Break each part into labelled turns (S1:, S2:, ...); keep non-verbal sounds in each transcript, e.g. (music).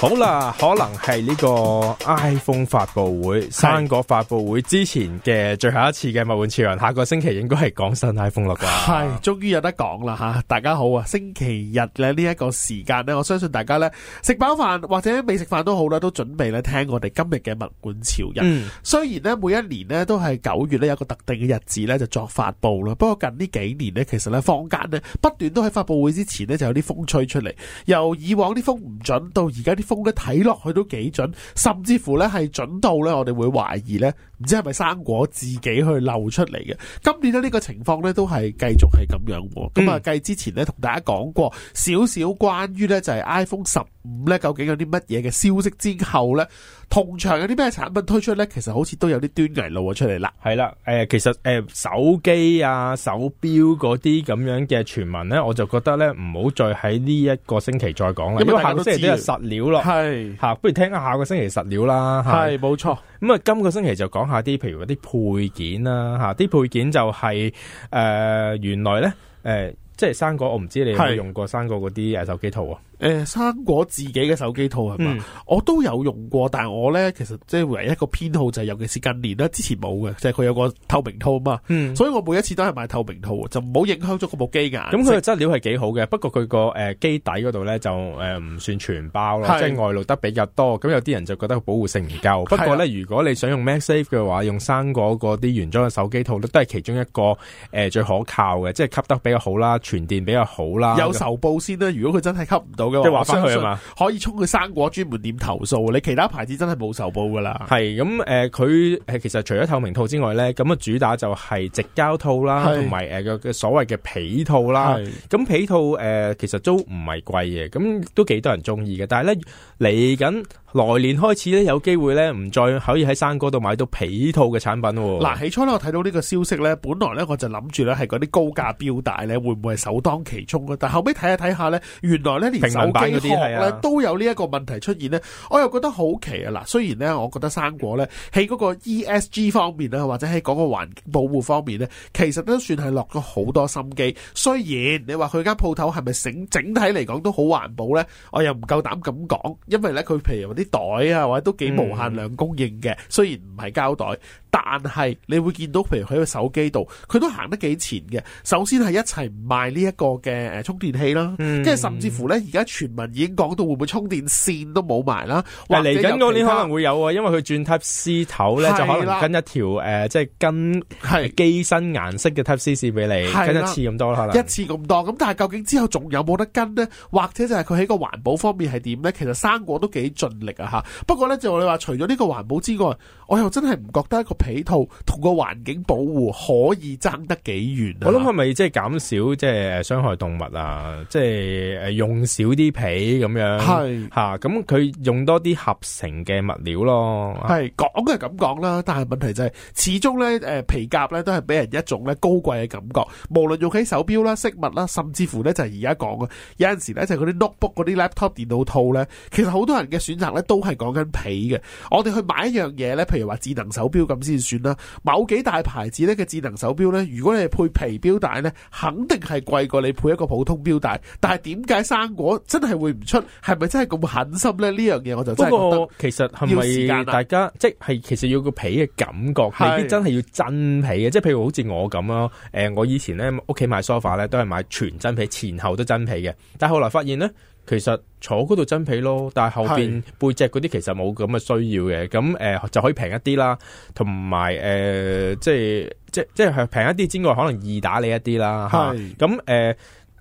S1: 好啦，可能係呢個 iPhone 發布會、生果發布會之前嘅最後一次嘅物玩潮人，下個星期應該係講新 iPhone 啦，
S2: 係，終於有得講啦吓！大家好啊，星期日咧呢一個時間呢，我相信大家呢，食飽飯或者未食飯都好啦，都準備咧聽我哋今日嘅物玩潮人。嗯、雖然呢，每一年呢都係九月呢有個特定嘅日子呢就作發布啦，不過近呢幾年呢，其實呢，坊間呢不斷都喺發布會之前呢就有啲風吹出嚟，由以往啲風唔準到而家啲。風嘅睇落去都幾準，甚至乎咧，係準到咧，我哋會懷疑咧。唔知係咪生果自己去漏出嚟嘅？今年呢呢個情況呢，都係繼續係咁樣。咁啊、嗯，繼之前呢，同大家講過少少關於呢，就係 iPhone 十五呢究竟有啲乜嘢嘅消息之後呢，同場有啲咩產品推出呢？其實好似都有啲端倪露出嚟啦。係啦，誒、呃，其實誒、呃，手機啊、手
S1: 表嗰啲咁樣嘅傳聞呢，我就覺得呢，唔好再喺呢一個星期再講啦。咁啊，因為下個星期先實料咯。係吓是，不如聽下下個星期實料啦。係，冇錯。咁啊，今個星期就講下啲，譬如嗰啲配件啦，吓啲配件就係、是、誒、呃，原來咧誒、呃，即係生果，我唔知你有冇用過生果嗰啲誒手機套啊？誒，
S2: 生、欸、果自己嘅手機套係嘛，是嗯、我都有用過，但係我咧其實即係唯一一個偏好就係、是，尤其是近年啦，之前冇嘅就係、是、佢有個透明套嘛，嗯、所以我每一次都係買透明套，就唔好影響咗嗰部機嘅。咁佢嘅質料係幾好嘅，不過佢個誒機底嗰度咧就
S1: 唔、呃、算全包咯，是啊、即係外露得比較多。咁有啲人就覺得保護性唔夠。不過咧，啊、如果你想用 MagSafe 嘅話，用生果嗰啲原裝嘅手機套都係係其中一個、呃、最可靠嘅，即係吸得比較好啦，傳電比較好啦。有仇
S2: 報先啦、啊，如果佢真係吸唔到。即係話翻佢啊嘛，
S1: 可以衝去生果專門店投訴，你其他牌子真係冇售報噶啦。係咁誒，佢、呃、誒，其實除咗透明套之外咧，咁啊主打就係直膠套啦，同埋誒嘅所謂嘅皮套啦。咁是皮套誒、呃，其實都唔係貴嘅，咁都幾多人中意嘅。但係咧嚟緊。來年開始咧，有機會咧，唔再可以喺生果度買到皮套嘅產品喎。嗱，起
S2: 初咧，我睇到呢個消息咧，本來咧，我就諗住咧，係嗰啲高價標帶咧，會唔會係首當其衝啊？但後尾睇下睇下咧，原來咧，連手機殼咧都有呢一個問題出現咧，我又覺得好奇啊！嗱，雖然咧，我覺得生果咧喺嗰個 ESG 方面咧，或者喺嗰個環境保護方面咧，其實都算係落咗好多心機。雖然你話佢間鋪頭係咪整整體嚟講都好環保咧，我又唔夠膽咁講，因為咧，佢譬如啲。袋啊，或者都幾無限量供應嘅，嗯、雖然唔係膠袋。但係你會見到，譬如喺個手機度，佢都行得幾前嘅。首先係一齊賣呢一個嘅誒充電器啦，即係、嗯、甚至乎咧，而家傳聞已經講到會唔會充電線都冇埋啦。嚟緊嗰年可能會有啊，因為佢轉 type C
S1: 頭咧，就可能跟一條誒即係跟係機身顏色嘅 type C 線俾你的跟一次咁多啦，一
S2: 次咁多。咁但係究竟之後仲有冇得跟呢？或者就係佢喺個環保方面係點呢？其實生果都幾盡力啊吓。不過咧就你話除咗呢個環保之外，我又真係唔覺得一個。皮套同個環境保護可以爭得幾遠啊？我
S1: 諗係咪即係減少即係傷害動物啊？即係用少啲皮咁樣，係吓，咁佢用多啲合成嘅物料咯。係
S2: 講係咁講啦，但係問題就係始終咧，誒皮夾咧都係俾人一種咧高貴嘅感覺。無論用喺手錶啦、飾物啦，甚至乎咧就係而家講嘅，有陣時咧就係嗰啲 notebook 嗰啲 laptop 電腦套咧，其實好多人嘅選擇咧都係講緊皮嘅。我哋去買一樣嘢咧，譬如話智能手錶咁。先算啦，某幾大牌子咧嘅智能手錶咧，如果你係配皮錶帶咧，肯定係貴過你配一個普通錶帶。但係點解生果真係會唔出？係咪真係咁狠心咧？呢樣嘢我就真覺得其
S1: 實係咪大家、啊、大家即係其實要個皮嘅感覺，未必真係要真皮嘅。即係譬如好似我咁咯，誒、呃，我以前咧屋企買 sofa 咧都係買全真皮，前後都真皮嘅。但係後來發現咧。其實坐嗰度真皮咯，但係後邊背脊嗰啲其實冇咁嘅需要嘅，咁是、呃、就可以平一啲啦，同埋、呃、即係即即係平一啲，之外，可能易打理一啲啦，咁是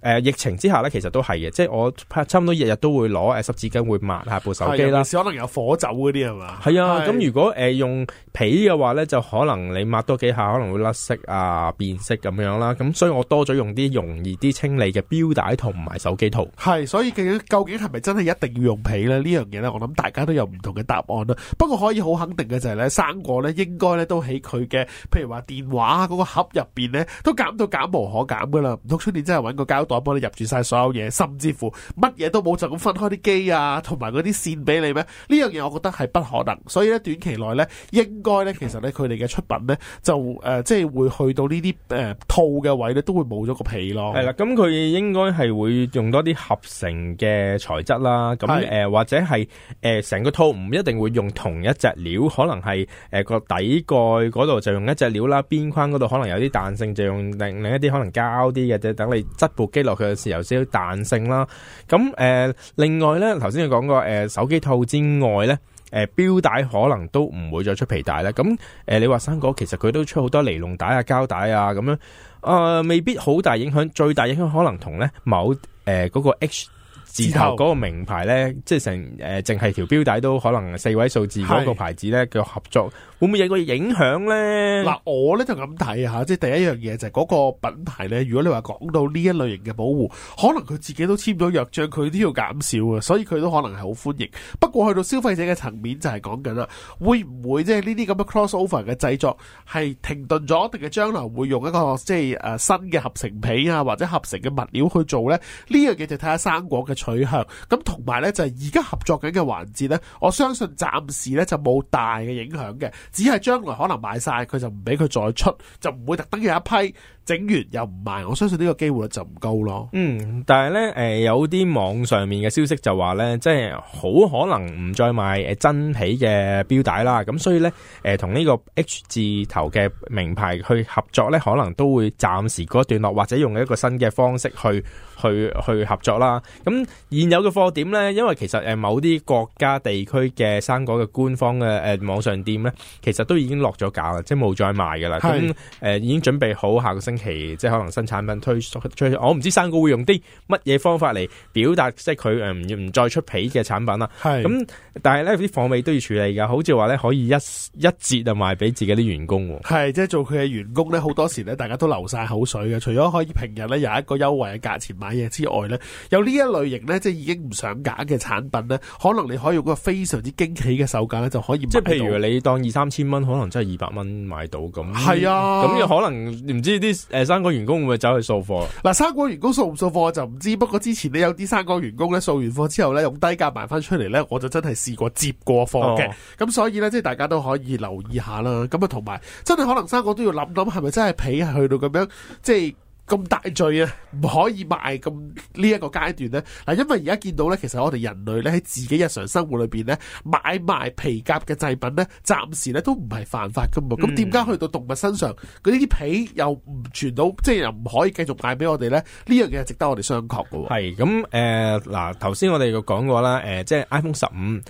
S1: 呃、疫情之下咧，其實都係嘅，即係我差唔多日日都會攞誒濕紙巾會抹下部手機啦。是，
S2: 是可能有火酒嗰啲係嘛？
S1: 係啊，咁是如果誒、呃、用皮嘅話咧，就可能你抹多幾下可能會甩色啊、變色咁樣啦。咁所以我多咗用啲容易啲清理嘅錶帶同埋手機套。係，所以究竟究係咪
S2: 真係一定要用皮咧？呢樣嘢呢，我諗大家都有唔同嘅答案啦。不過可以好肯定嘅就係咧，生果咧應該咧都喺佢嘅，譬如話電話嗰個盒入邊咧都減到減無可減噶啦。唔通出年真係揾個膠袋？我幫你入住晒所有嘢，甚至乎乜嘢都冇就咁分開啲機啊，同埋嗰啲線俾你咩？呢樣嘢我覺得係不可能，所以咧短期內咧，應該咧其實咧佢哋嘅出品咧就誒，即係會去到呢啲誒套嘅位咧，都會冇咗個皮咯。係啦，
S1: 咁佢應該係會用多啲合成嘅材質啦。咁誒或者係誒成個套唔一定會用同一隻料，可能係誒個底蓋嗰度就用一隻料啦，邊框嗰度可能有啲彈性，就用另另一啲可能膠啲嘅啫。等你質部。基落去嘅時候先有彈性啦，咁誒，另外咧，頭先你講過誒手機套之外咧，誒錶帶可能都唔會再出皮帶咧，咁誒你話生果其實佢都出好多尼龍帶啊、膠帶啊咁樣，誒未必好大影響，最大影響可能同咧某誒個 H 字頭嗰個名牌咧，是即係成誒淨係條錶帶都可能四位數字嗰個牌子咧嘅合作。
S2: 會唔會有個影響呢？嗱，我咧就咁睇下。即係第一樣嘢就係嗰個品牌呢，如果你話講到呢一類型嘅保護，可能佢自己都簽咗約章，佢都要減少啊，所以佢都可能係好歡迎。不過去到消費者嘅層面就係講緊啦，會唔會即係呢啲咁嘅 cross over 嘅製作係停頓咗，定係將來會用一個即係誒、呃、新嘅合成皮啊，或者合成嘅物料去做呢？呢樣嘢就睇下生果嘅取向。咁同埋呢，就係而家合作緊嘅環節呢，我相信暫時呢就冇大嘅影響嘅。只係將來可能賣晒，佢就唔俾佢再出，就唔會特登有一批。整完又唔賣，我相信呢個機會率就唔高咯。嗯，
S1: 但係咧，誒、呃、有啲網上面嘅消息就話咧，即係好可能唔再賣誒真皮嘅錶帶啦。咁所以咧，誒同呢個 H 字頭嘅名牌去合作咧，可能都會暫時告一段落，或者用一個新嘅方式去去去合作啦。咁現有嘅貨點咧，因為其實誒某啲國家地區嘅生果嘅官方嘅誒、呃、網上店咧，其實都已經落咗架啦，即係冇再賣嘅啦。咁是、呃、已經準備好下個星期即係可能新產品推出，我唔知生果會用啲乜嘢方法嚟表達，即係佢誒唔唔再出皮嘅產品啦。係咁是，但係咧啲貨尾都要處理噶，好似話咧可以一一折就賣俾自己啲員工。係
S2: 即係做佢嘅員工咧，好多時咧大家都流晒口水嘅。除咗可以平日咧有一個優惠嘅價錢買嘢之外咧，有呢一類型咧，即係已經唔想揀嘅產品咧，可能你可以用個非常之驚喜嘅售價咧就可以，即係譬如你當二三千蚊，可
S1: 能真係二百蚊買到咁。係、嗯、啊，咁又可能唔知啲。誒、呃，生果員工會唔會走去掃貨？
S2: 嗱、啊，生果員工掃唔掃貨就唔知，不過之前你有啲生果員工咧掃完貨之後咧，用低價賣翻出嚟咧，我就真係試過接過貨嘅，咁、哦、所以咧，即係大家都可以留意下啦。咁啊，同埋真係可能生果都要諗諗，係咪真係被去到咁樣，即係。咁大罪啊，唔可以賣咁呢一個階段咧。嗱，因為而家見到咧，其實我哋人類咧喺自己日常生活裏邊咧，買賣皮革嘅製品咧，暫時咧都唔係犯法噶嘛。咁點解去到動物身上，呢啲皮又唔傳到，即係又唔可以繼續賣俾我哋咧？呢樣嘢係值得我哋商榷噶。係咁誒，嗱，呃、頭先我哋
S1: 講過啦，誒、呃，即係、就是、iPhone 十五。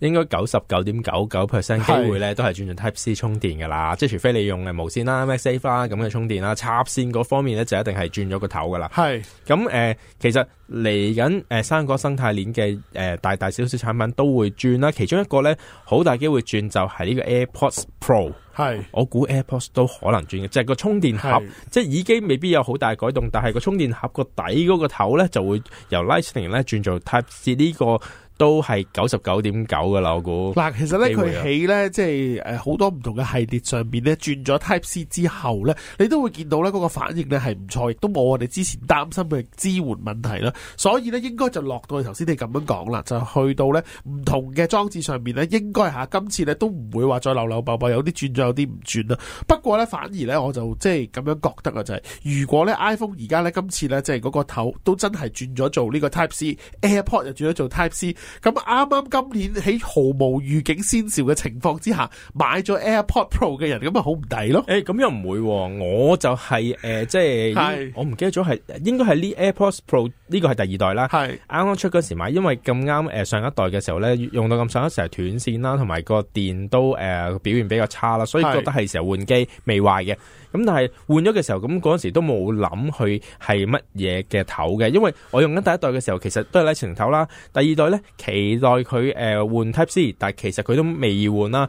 S1: 應該九十九點九九 percent 機會咧，都係轉做 Type C 充電噶啦，是即係除非你用誒無線啦、MagSafe 啦咁嘅充電啦，插線嗰方面咧就一定係轉咗個頭噶啦。係咁誒，其實嚟緊誒，三個生態鏈嘅誒，大大小小產品都會轉啦。其中一個咧，好大機會轉就係呢個 AirPods Pro 是。係我估 AirPods 都可能轉嘅，即、就、係、是、個充電盒，是即係耳機未必有好大改動，但係個充電盒個底嗰個頭咧就會由 Lightning 咧轉做 Type C 呢、這個。都係九十九點九嘅啦，我估嗱，其實咧佢起
S2: 咧即係誒好多唔同嘅系列上面咧轉咗 Type C 之後咧，你都會見到咧嗰個反應咧係唔錯，亦都冇我哋之前擔心嘅支援問題啦。所以咧應該就落到你頭先你咁樣講啦，就去到咧唔同嘅裝置上面咧，應該下今次咧都唔會話再漏漏爆爆，有啲轉咗有啲唔轉啦。不過咧反而咧我就即係咁樣覺得啊，就係、是、如果咧 iPhone 而家咧今次咧即係嗰個頭都真係轉咗做呢個 Type C，AirPod 又轉咗做 Type C。咁啱啱今年喺毫無預警先兆嘅情況之下買咗 AirPods Pro 嘅人，咁咪好唔抵咯！咁、欸、又唔會、啊，我就係、是呃、即係是
S1: 我唔記得咗係應該係呢 AirPods Pro 呢個係第二代啦。啱啱是出嗰時買，因為咁啱、呃、上一代嘅時候咧用到咁上下，成日斷線啦，同埋個電都誒、呃、表現比較差啦，所以覺得係時候換機未壞嘅。咁但係換咗嘅時候，咁嗰陣時都冇諗佢係乜嘢嘅頭嘅，因為我用緊第一代嘅時候，其實都係 Lightning 頭啦。第二代呢，期待佢誒換 Type C，但係其實佢都未換啦。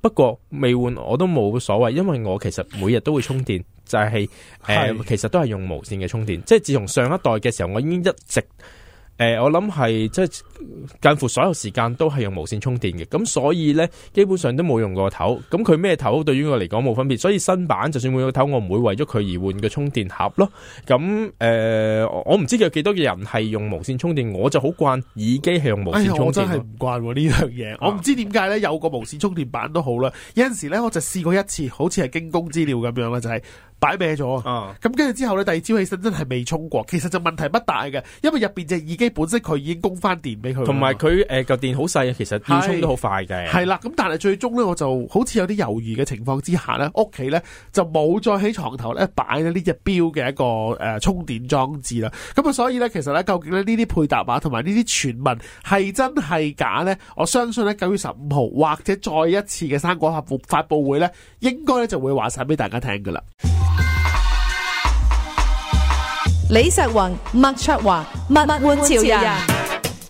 S1: 不過未換我都冇所謂，因為我其實每日都會充電，就係、是、誒是其實都係用無線嘅充電。即係自從上一代嘅時候，我已經一直。誒、呃，我諗係即係近乎所有時間都係用無線充電嘅，咁所以呢，基本上都冇用過頭，咁佢咩頭對於我嚟講冇分別，所以新版就算換個頭，我唔會為咗佢而換個充電盒咯。咁誒、呃，我唔知有幾多嘅人係用無線充電，我就好慣耳機係用無線充電，我真
S2: 係唔慣呢樣嘢，啊、我唔知點解呢，有個無線充電板都好啦，有陣時呢我就試過一次，好似係驚弓資料咁樣啦，就係、是。擺咩咗啊？咁跟住之後呢，第二朝起身真係未充過，其實就問題不大嘅，因為入面隻耳機本身佢已經供翻電俾佢。同埋
S1: 佢誒嚿電好細呀，其實要充都好快嘅。係
S2: 啦，咁但係最終呢，我就好似有啲猶豫嘅情況之下呢，屋企呢就冇再喺床頭呢擺呢隻表嘅一個誒、呃、充電裝置啦。咁啊，所以呢，其實呢，究竟呢啲配搭啊，同埋呢啲傳聞係真係假呢？我相信呢，九月十五號或者再一次嘅生果合發佈會呢，應該呢就會話晒俾大家聽㗎啦。李石宏，麥卓華，物玩潮人。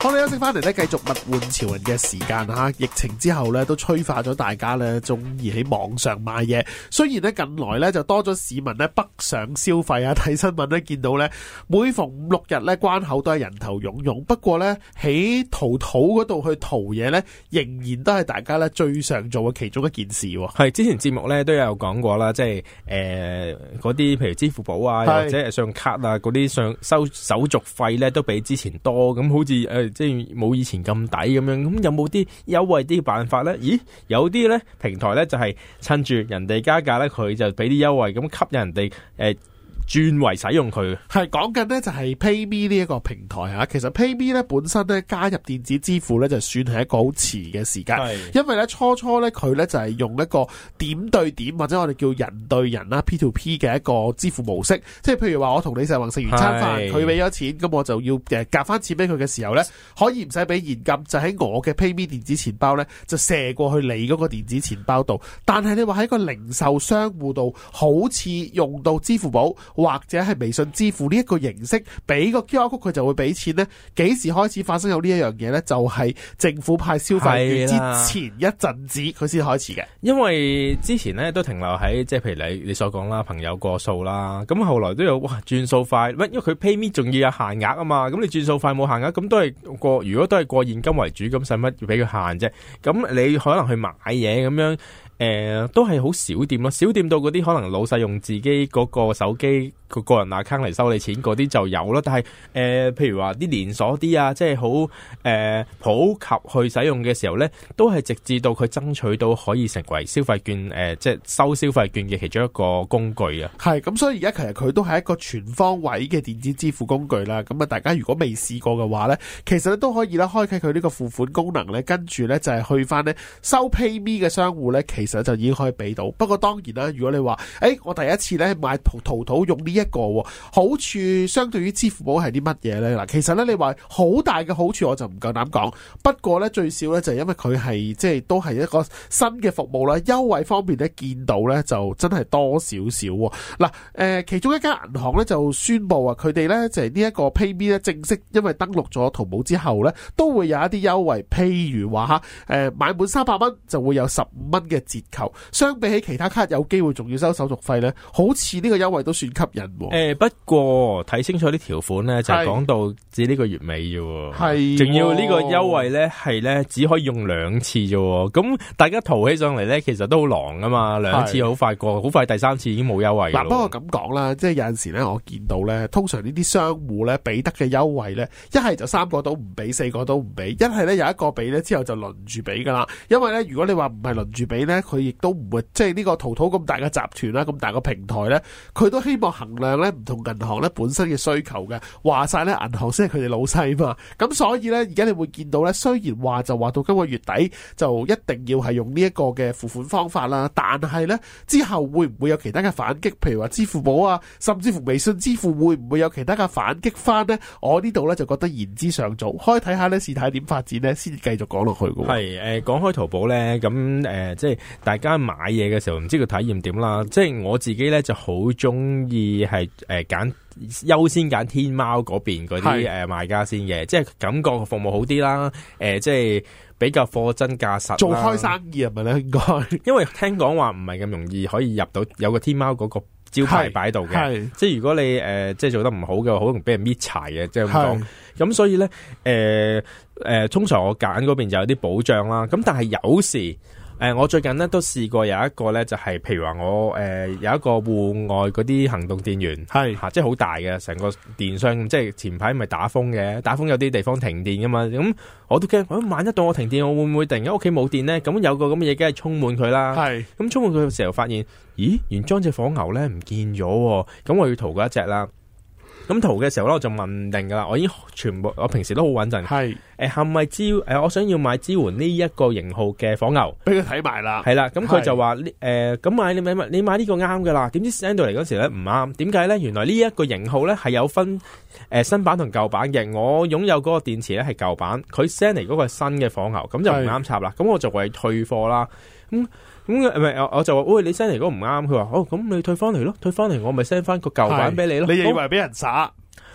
S2: 我哋休息翻嚟咧，繼續物玩潮人嘅時間吓。疫情之後咧，都催化咗大家咧，中意喺網上買嘢。雖然咧近來咧就多咗市民咧北上消費啊。睇新聞咧見到咧，每逢五六日咧關口都係人頭涌涌。不過咧喺淘寶嗰度去淘嘢咧，仍然都係大家咧最常做嘅其中一件事。
S1: 係之前節目咧都有講過啦，即係誒嗰啲譬如支付寶啊，或者信用卡啊嗰啲上收手續費咧都比之前多。咁好似誒。呃即係冇以前咁抵咁樣，咁有冇啲優惠啲辦法咧？咦，有啲咧平台咧就係趁住人哋加價咧，佢就俾啲優惠咁吸引人哋誒。欸轉為使
S2: 用佢，係講緊呢就係 PayMe 呢一個平台吓。其實 PayMe 咧本身咧加入電子支付咧，就算係一個好遲嘅時間，是因為咧初初咧佢咧就係用一個點對點或者我哋叫人對人啦 P to P 嘅一個支付模式。即係譬如話我同李世宏食完餐飯，佢俾咗錢，咁我就要誒夾翻錢俾佢嘅時候咧，可以唔使俾現金，就喺我嘅 PayMe 電子錢包咧就射過去你嗰個電子錢包度。但係你話喺個零售商戶度，好似用到支付寶。或者係微信支付呢一個形式，俾個 QR code 佢就會俾錢呢。幾時開始發生有呢一樣嘢呢？就係政府派消費券之前一陣子，佢先開始嘅。
S1: 因為之前呢都停留喺即係，譬如你你所講啦，朋友過數啦，咁後來都有哇轉數快，因為佢 PayMe 仲要有限額啊嘛。咁你轉數快冇限額，咁都係過，如果都係過現金為主，咁使乜要俾佢限啫？咁你可能去買嘢咁樣。誒，都係好少店咯，少店到嗰啲可能老細用自己嗰個手機個個人 account 嚟收你錢嗰啲就有咯。但係誒、呃，譬如話啲連鎖啲啊，即係好誒普及去使用嘅時候呢，都係直至到佢爭取到可以成為消費券
S2: 誒、呃，即係收消費券嘅其中一個工具啊。係咁，所以而家其實佢都係一個全方位嘅電子支付工具啦。咁啊，大家如果未試過嘅話呢，其實都可以啦開啟佢呢個付款功能呢。跟住呢，就係去翻呢收 PayMe 嘅商戶呢。其實。就已經可以俾到，不過當然啦，如果你話，誒、欸，我第一次咧買淘淘寶用呢、這、一個，好處相對於支付寶係啲乜嘢呢？嗱，其實咧你話好大嘅好處，我就唔夠膽講。不過呢，最少呢，就係、是、因為佢係即係都係一個新嘅服務啦，優惠方面呢，見到呢就真係多少少。嗱，誒，其中一間銀行呢，就宣布啊，佢哋呢，就係呢一個 PayMe 呢，正式因為登陸咗淘寶之後呢，都會有一啲優惠，譬如話嚇，誒、呃，買滿三百蚊就會有十五蚊嘅折。求相比起其他卡，有機會仲要收手續費咧，好似呢個優惠都算吸引喔。
S1: 誒、欸，不過睇清楚啲條款咧，是就係講到至呢個月尾喎。係、喔，仲要個優呢個優惠咧，係咧只可以用兩次啫。咁大家淘起上嚟咧，其實都好狼㗎嘛，兩次好快過，好是快第三次已經冇優惠。嗱，不過
S2: 咁講啦，即係有陣時咧，我見到咧，通常戶呢啲商戶咧，俾得嘅優惠咧，一係就三個都唔俾，四個都唔俾，一係咧有一個俾咧之後就輪住俾噶啦。因為咧，如果你話唔係輪住俾咧。佢亦都唔會，即係呢個淘淘咁大嘅集團啦，咁大個平台呢，佢都希望衡量呢唔同銀行咧本身嘅需求嘅。話晒呢，銀行先係佢哋老細嘛。咁所以呢，而家你會見到呢，雖然話就話到今個月底就一定要係用呢一個嘅付款方法啦，但係呢，之後會唔會有其他嘅反擊？譬如話支付寶啊，甚至乎微信支付會唔會有其他嘅反擊翻呢，我呢度呢就覺得言之尚早，可以睇下呢事態點發展繼、呃、呢，先繼續講落去嘅。
S1: 係、呃、誒，講開淘寶呢，咁誒即係。大家買嘢嘅時候唔知個體驗點啦，即係我自己咧就好中意係誒揀優先揀天貓嗰邊嗰啲誒賣家先嘅，即係感覺服務好啲啦，誒、呃、即係比較貨真價實啦，做開生意係咪咧應該， (laughs) 因為聽講話唔係咁容易可以入到有個天貓嗰個招牌擺度嘅，即係如果你誒、呃、即係做得唔好嘅，好容易俾人搣柴嘅，即係咁講。咁是所以咧，誒、呃、誒、呃，通常我揀嗰邊就有啲保障啦。咁但係有時。誒，我最近咧都試過有一個咧，就係譬如話我誒有一個戶外嗰啲行動電源，係吓是，即係好大嘅，成個電箱，即係前排咪打風嘅，打風有啲地方停電噶嘛，咁我都驚，我萬一當我停電，我會唔會突然間屋企冇電咧？咁有個咁嘅嘢，梗係是充滿佢啦。係咁充滿佢嘅時候，發現咦，原裝隻火牛咧唔見咗，咁我要淘過一隻啦。咁淘嘅時候咧，我就問定噶啦，我已經全部，我平時都好穩陣。係誒是，係咪、呃、支誒、呃？我想要買支援呢一個型號嘅火牛，俾佢睇埋啦。係啦，咁佢就話誒，咁是、呃、買你買你買呢個啱噶啦。點知 send 到嚟嗰時咧唔啱，點解咧？原來呢一個型號咧係有分誒、呃、新版同舊版嘅，我擁有嗰個電池咧係舊版，佢 send 嚟嗰個係新嘅火牛，咁就唔啱插啦。咁是我就為退貨啦。咁、嗯咁唔係我我就話，喂，你 send 嚟嗰唔啱，佢話哦，咁你退翻嚟咯，退翻嚟我咪 send 翻個舊版俾你咯。你認為俾人耍？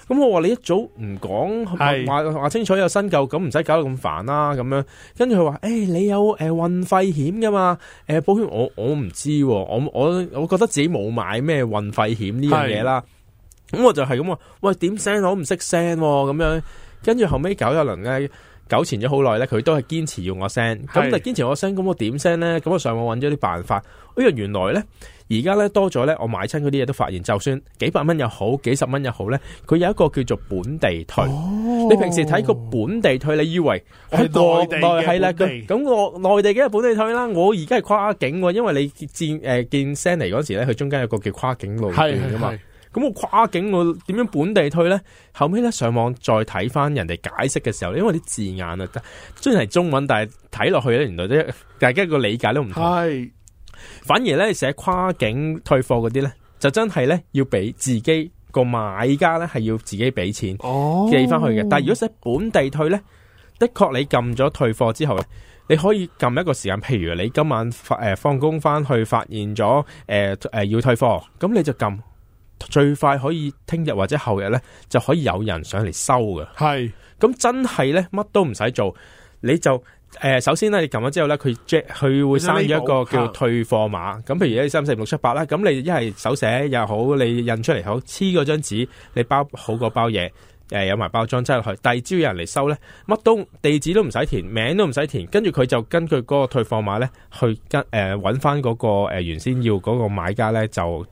S1: 咁我話你一早唔
S2: 講，話
S1: 話清楚有新舊，咁唔使搞到咁煩啦。咁樣跟住佢話誒，你有誒運費險噶嘛？誒，保險我我唔知，我我我覺得自己冇買咩運費險呢樣嘢啦。咁我就係咁話，喂，點 send，我唔識 send 咁樣，跟住後尾搞一輪咧。糾纏咗好耐咧，佢都係堅持要我 send，咁就堅持我 send，咁我點 send 咧？咁我上網揾咗啲辦法，哎呀，原來咧而家咧多咗咧，我買親嗰啲嘢都發現，就算幾百蚊又好，幾十蚊又好咧，佢有一個叫做本地退。哦、你平時睇個本地退，你以為係內地係啦，咁我內地梗係本地退啦，我而家係跨境，因為你見誒見 send 嚟嗰時咧，佢中間有個叫跨境路段噶嘛。是是是咁我跨境我點樣本地退呢？後尾咧，上網再睇翻人哋解釋嘅時候，因為啲字眼啊，雖然係中文，但係睇落去咧，原來都大家個理解都唔同。是反而咧寫跨境退貨嗰啲呢，就真係咧要俾自己個買家咧係要自己俾錢寄翻去嘅。Oh、但係如果寫本地退呢，的確你撳咗退貨之後呢，你可以撳一個時間，譬如你今晚發誒放工翻去發現咗誒誒要退貨，咁你就撳。最快可以聽日或者後日咧，就可以有人上嚟收嘅。係是，咁真係咧，乜都唔使做，你就誒、呃，首先咧你撳咗之後咧，佢即佢會生咗一個叫退貨碼。咁、嗯、譬如一三四六七八啦，咁你一係手寫又好，你印出嚟又好黐嗰張紙，你包好個包嘢，誒、呃、有埋包裝真係去。第二朝有人嚟收咧，乜都地址都唔使填，名都唔使填，跟住佢就根據嗰個退貨碼咧去跟誒搵翻嗰個誒、呃、原先要嗰個買家咧就。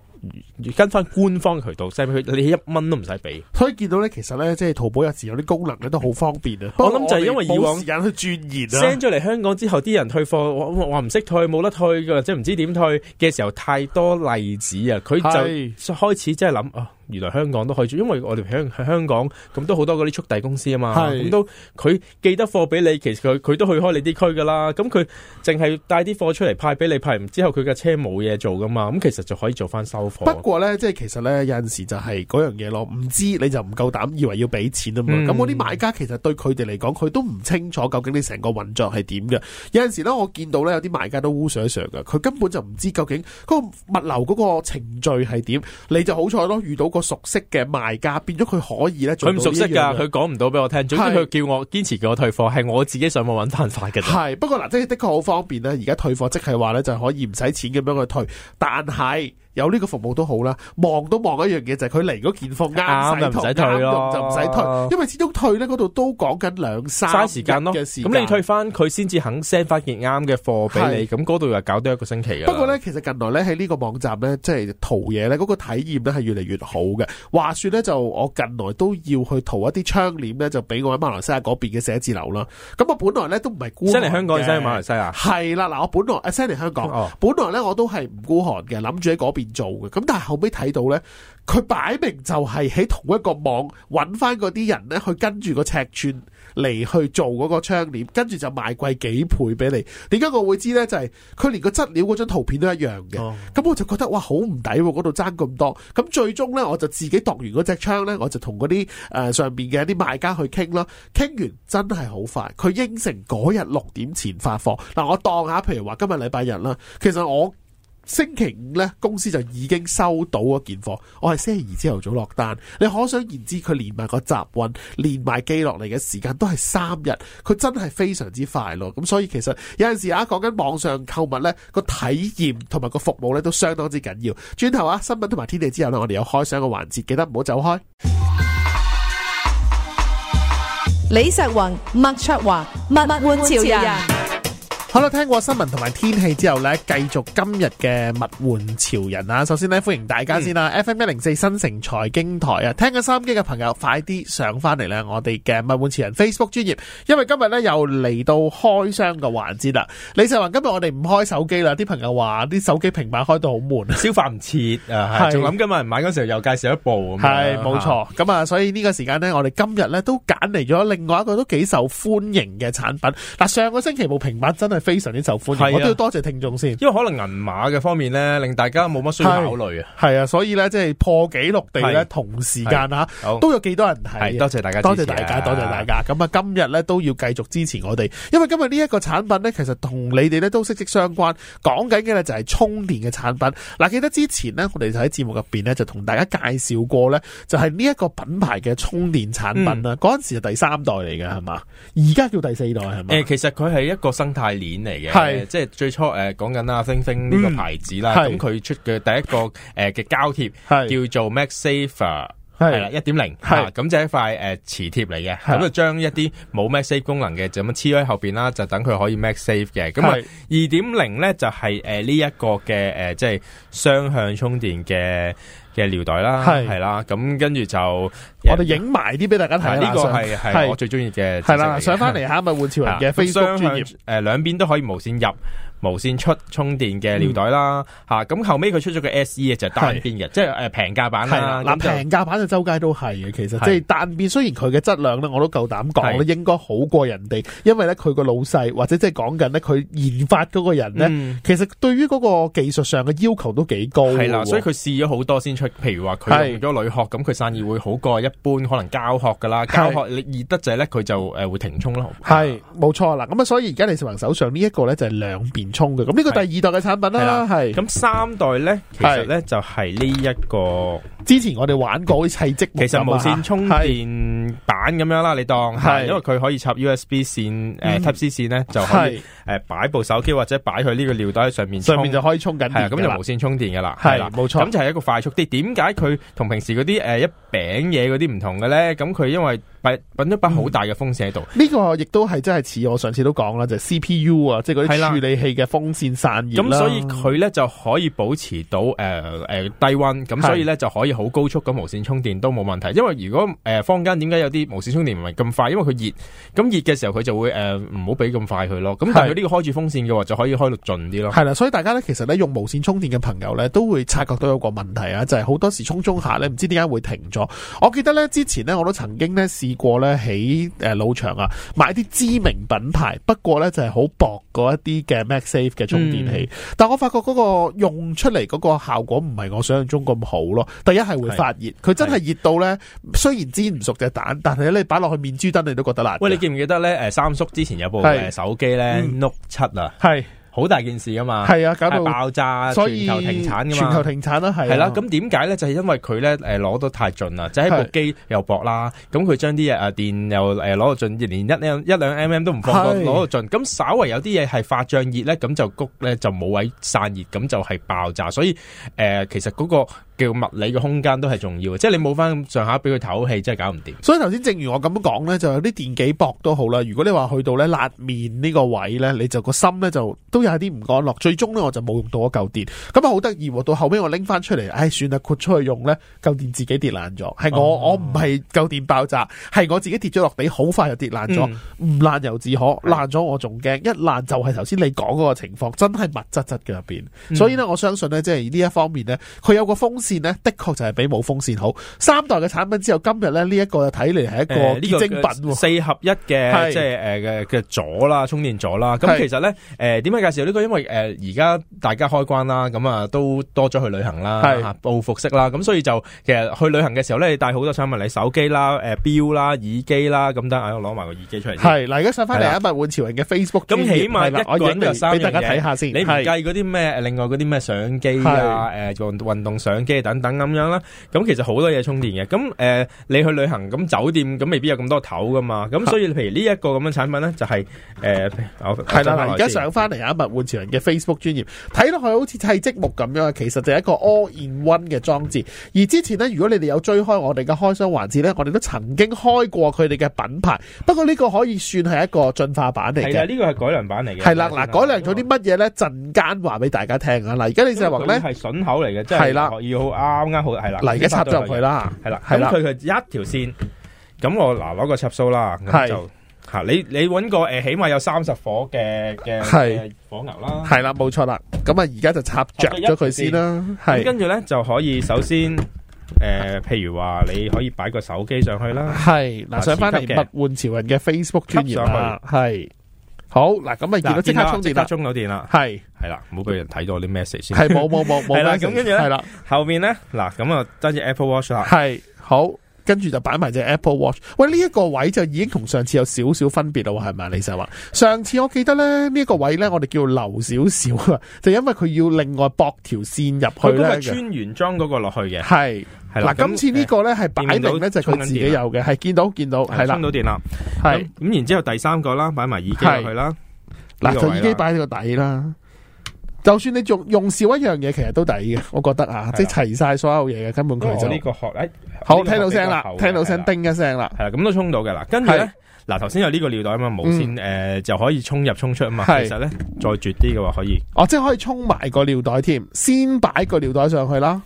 S1: 跟翻官方渠道 send 俾佢，你一蚊都唔使俾。
S2: 所以見到咧，其實咧，即係淘寶有時有啲功能咧都好方便啊。不過 我諗就係因為以往時間去鑽研啊。send 咗
S1: 嚟香港之後，啲人退貨，話唔識退，冇得退㗎，即係唔知點退嘅時候太多例子啊，佢就開始真係諗是哦。原來香港都可以做，因為我哋喺香港咁都好多嗰啲速遞公司啊嘛，咁是都佢寄得貨俾你，其實佢佢都去開你啲區噶啦。咁佢淨係帶啲貨出嚟派俾你派，派完之後佢架車冇嘢做噶嘛，咁其實就可以做翻收貨。不
S2: 過呢，即係其實呢，有陣時就係嗰樣嘢咯，唔知你就唔夠膽以為要俾錢啊嘛。咁嗰啲買家其實對佢哋嚟講，佢都唔清楚究竟你成個運作係點嘅。有陣時呢，我見到呢，有啲買家都烏想上嘅，佢根本就唔知究竟嗰物流嗰個程序係點。你就好彩咯，遇到。個熟悉嘅賣家變咗佢可以咧，佢唔熟悉噶，佢
S1: 講唔到俾我聽。總之佢叫我堅是持叫我退貨，係我
S2: 自己上網揾辦法嘅。係不過嗱，即係的確好方便啦。而家退貨即係話咧，就係，可以唔使錢咁樣去退，但係。有呢個服務都好啦，望都望一樣嘢就係佢嚟嗰件貨啱對用就唔使退就唔使退，因為始終退咧嗰度都講緊兩三嘅時，時，
S1: 時間，咁你退翻佢先至肯 send 翻件啱嘅貨俾你，咁嗰度又搞多一個星期嘅。不
S2: 過咧，其實近來咧喺呢個網站咧，即係淘嘢咧，嗰個體驗咧係越嚟越好嘅。話說咧，就我近來都要去淘一啲窗簾咧，就俾我喺馬來西亞嗰邊嘅寫字樓啦。咁我本來咧都唔係孤寒，send 嚟香港定 send 去馬來西亞？係啦，嗱，我本來 send 嚟香港，哦、本來咧我都係唔孤寒嘅，諗住喺做嘅咁，但係後尾睇到呢，佢擺明就係喺同一個網揾翻嗰啲人呢，去跟住個尺寸嚟去做嗰個窗簾，跟住就賣貴幾倍俾你。點解我會知呢？就係、是、佢連個質料嗰張圖片都一樣嘅，咁、oh. 我就覺得哇，好唔抵，嗰度爭咁多。咁最終呢，我就自己度完嗰隻窗呢，我就同嗰啲誒上邊嘅一啲賣家去傾啦。傾完真係好快，佢應承嗰日六點前發貨。嗱，我當下，譬如話今日禮拜日啦，其實我。星期五呢，公司就已經收到嗰件貨。我係星期二朝頭早落單，你可想而知，佢連埋個集運，連埋寄落嚟嘅時間都係三日。佢真係非常之快咯。咁所以其實有陣時啊，講緊網上購物呢個體驗同埋個服務呢都相當之緊要。轉頭啊，新聞同埋天地之後呢，我哋有開箱嘅環節，記得唔好走開。李石宏、麥卓華、物玩潮人。好啦，聽過新聞同埋天氣之後呢，繼續今日嘅物玩潮人啊！首先呢，歡迎大家先啦、啊嗯、FM 一零四新城財經台啊，聽緊收音機嘅朋友，快啲上翻嚟啦。我哋嘅物玩潮人 Facebook 專頁，因為今日呢又嚟到開箱嘅環節啦。李世宏，今日我哋唔開手機啦，啲朋友話啲手機平板開到好悶，消化唔切啊，仲諗是、啊、今
S1: 日買嗰時候又介紹一部咁、啊、係，冇錯。
S2: 咁、嗯、啊，所以呢個時間呢，我哋今日呢都揀嚟咗另外一個都幾受歡迎嘅產品。嗱、啊，上個星期部平板真係。非常之受歡迎，啊、我都要多謝聽眾先，
S1: 因為可能銀碼嘅方面咧，令大家冇乜需要考慮
S2: 啊。係啊，所以咧，即係破紀錄地咧，同時間吓，都有幾多人係。多謝，啊、多謝大家，多謝大家，多謝大家。咁啊，今日咧都要繼續支持我哋，因為今日呢一個產品咧，其實同你哋咧都息息相關。講緊嘅咧就係、是、充電嘅產品。嗱、啊，記得之前咧，我哋就喺節目入邊咧，就同大家介紹過咧，就係呢一個品牌嘅充電產品啦。嗰陣、嗯、時就第三代嚟嘅係嘛，而家叫第四代係咪、
S1: 呃？其實佢係一個生態鏈。嚟嘅，是即係最初誒講緊啦，星星呢個牌子啦，咁佢、嗯、出嘅第一個誒嘅膠貼叫做 MagSafer 係啦 0, 是、啊、一點零，係、呃、咁是就一塊誒磁貼嚟嘅，咁就將一啲冇 MagSafer 功能嘅，就咁黐喺後邊啦，就等佢可以 MagSafer 嘅。咁啊二點零咧就係誒是呢一、就是呃這個嘅誒、呃、即係雙向充電嘅嘅尿袋啦，係係是啦，咁跟住就。我哋影埋啲俾大家睇啦，呢個係係我最中意嘅。係啦，上翻嚟下咪換次人嘅 Facebook 專業，誒兩邊都可以無線入、無線出充電嘅尿袋啦嚇。咁後尾佢出咗個 SE 就係單邊嘅，即係誒平價版啦。嗱平
S2: 價版就周街都係嘅，其實即係單邊。雖然佢嘅質量咧我都夠膽講咧，應該好過人哋，因為咧佢個老細或者即係講緊咧佢研發嗰個人咧，其實對於嗰個技術上嘅要求都幾高，係啦。所以佢
S1: 試咗好多先出，譬如話佢用咗鋁殼，咁佢生意會好過一半可能膠殼嘅啦，膠殼你熱得滯咧，佢就誒會停充咯。
S2: 係冇錯啦，咁啊，所以而家李志宏手上呢一個咧就係兩邊充嘅，咁呢個第二代嘅產品啦，係咁
S1: 三代咧，其實咧就係呢一個之前我哋玩過嗰啲砌積，其實無線充電板咁樣啦，你當係因為佢可以插 USB 線誒 Type C 線咧，就係誒擺部手機或者擺佢呢個尿袋喺上面，上面就可以充緊，係咁就無線充電嘅啦，係啦，冇錯，咁就係一個快速啲。點解佢同平時嗰啲誒一餅嘢嗰啲？唔同嘅咧，咁佢因為搵搵咗把好大嘅風扇喺度，
S2: 呢、嗯，這個亦都係真係似我上次都講啦，就是、C P U 啊，即係嗰啲處理器嘅風扇散熱，咁所以佢咧就
S1: 可以保持到誒誒低溫，咁的所以咧就可以好高速咁無線充電都冇問題。因為如果誒坊間點解有啲無線充電唔係咁快？因為佢熱，咁熱嘅時候佢就會誒唔好俾咁快佢咯。咁的但係佢呢個開住風扇嘅話，就可以開到盡啲咯。係
S2: 啦，所以大家咧其實咧用無線充電嘅朋友咧都會察覺到有個問題啊，就係、是、好多時冲充下咧唔知點解會停咗。我記得。咧之前咧我都曾經咧試過咧喺誒老場啊買啲知名品牌，不過咧就係好薄嗰一啲嘅 MagSafe 嘅充電器，嗯、但我發覺嗰個用出嚟嗰個效果唔係我想象中咁好咯。第一係會發熱，佢是 真係熱到咧，雖然煎唔熟隻蛋，是是但係咧你擺落去面珠燈你都覺得辣。喂，你
S1: 記唔記得咧？誒，三叔之前有部手機咧 Note 七啊，係。是 好大件事㗎嘛，搞到、啊、爆炸，所以全球停產㗎嘛，全球停
S2: 產啦，係、啊。係啦、啊，咁
S1: 點解咧？就係、是、因為佢咧，攞得太盡啦，即係是部機又薄啦，咁佢將啲嘢啊電又攞到盡，連一兩一兩 mm 都唔放攞到是盡，咁稍為有啲嘢係發脹熱咧，咁就谷咧就冇位散熱，咁就係爆炸。所以、呃、其實嗰、那個。叫物理嘅空間都係重要嘅，即係你冇翻上下俾
S2: 佢唞氣，真係搞唔掂。所以頭先正如我咁樣講咧，就有啲電幾薄都好啦。如果你話去到咧辣面呢個位咧，你就個心咧就都有啲唔安樂，最終咧我就冇用到嗰嚿電，咁啊好得意喎。到後尾我拎翻出嚟，唉算啦，豁出去用咧，嚿電自己跌爛咗。係我、哦、我唔係嚿電爆炸，係我自己跌咗落地好快就跌爛咗。唔爛又自可，爛咗我仲驚。一爛就係頭先你講嗰個情況，真係密質質嘅入邊。所以咧、嗯、我相信咧，即係呢一方面咧，佢有個風。線咧的確就係比冇風扇好，三代嘅產品，之後今日咧呢一個睇嚟係一個精品四
S1: 合一嘅，即係誒嘅嘅座啦充電座啦，咁其實咧誒點解介紹呢個？因為誒而家大家開關啦，咁啊都多咗去旅行啦，係啊，報復式啦，咁所以就其實去旅行嘅時候咧，你帶好多產品你，手機啦、誒表啦、耳機啦，咁等下攞埋個耳機出嚟。係嗱而家上翻嚟物
S2: 玩潮人嘅 Facebook，咁起碼一個人有三樣嘢，俾大家睇下先。你唔計
S1: 嗰啲咩，另外嗰啲咩相機啊，誒運動相機。等等咁樣啦，咁其實好多嘢充電嘅，咁誒、呃、你去旅行咁酒店咁未必有咁多頭噶嘛，咁所以譬如呢一個咁嘅產品咧就係誒係啦，而家上
S2: 翻嚟啊物玩潮人嘅 Facebook 專頁，睇落去好似砌積木咁樣，其實就係一個 all in one 嘅裝置。而之前呢，如果你哋有追開我哋嘅開箱環節咧，我哋都曾經開過佢哋嘅品牌。不過呢個可以算係一個進化版嚟嘅，係啊呢個係改良版嚟嘅，係啦嗱，改良咗啲乜嘢咧？陣間話俾大家聽啊！嗱而家你淨係話咧係
S1: 筍口嚟嘅，即係啦啱啱好係啦，嗱而家插到入去啦，係啦，咁佢佢一條線，咁我嗱攞個插蘇啦，就吓你你揾個誒起碼有三十火嘅嘅火牛啦，係啦冇錯啦，
S2: 咁啊而家就插着咗佢先啦，咁跟
S1: 住咧就可以首先誒，譬如話你可以擺個手機上去啦，係嗱上翻嚟物
S2: 玩潮人嘅 Facebook 專頁啦，係好嗱，咁啊而家即刻充電，即刻充到電啦，係。
S1: 係啦，唔好俾人睇到我啲 message 先。係冇冇冇冇啦，咁跟住係啦，
S2: 後面咧，嗱咁啊，等住 Apple Watch 啦。係好，跟住就擺埋隻 Apple Watch。喂，呢一個位就已經同上次有少少分別喎，係咪啊？李生話上次我記得咧，呢一個位咧，我哋叫留少少啊，就因為佢要另外駁條線入去咧，穿
S1: 原裝嗰個落去嘅。係係啦，今次呢個咧係擺明咧就佢自己有嘅，係
S2: 見到見到係啦，到電啦。
S1: 係咁，然之後第三個啦，擺埋耳機入去啦。
S2: 嗱，就耳機擺喺個底啦。就算你用用少一樣嘢，其實都抵嘅，我覺得啊，即係齊晒所有嘢嘅，根本佢就。呢個學，好聽到聲啦，聽到聲叮一聲啦，
S1: 係啦，咁都冲到嘅啦。跟住咧，嗱，頭先有呢個尿袋啊嘛，無線誒，就可以冲入冲出啊嘛。其實咧，再絕啲嘅話可以。
S2: 哦，即係可以冲埋個尿袋添，先擺個尿袋上去啦。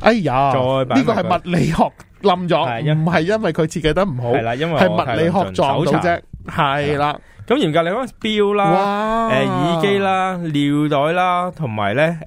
S2: 哎呀，再擺，呢個係物理學冧咗，唔係因為佢設計得唔好，係因為係物理學撞到啫，係啦。咁嚴
S1: 格你嗰個表啦、誒哇、呃、耳機啦、尿袋啦，同埋咧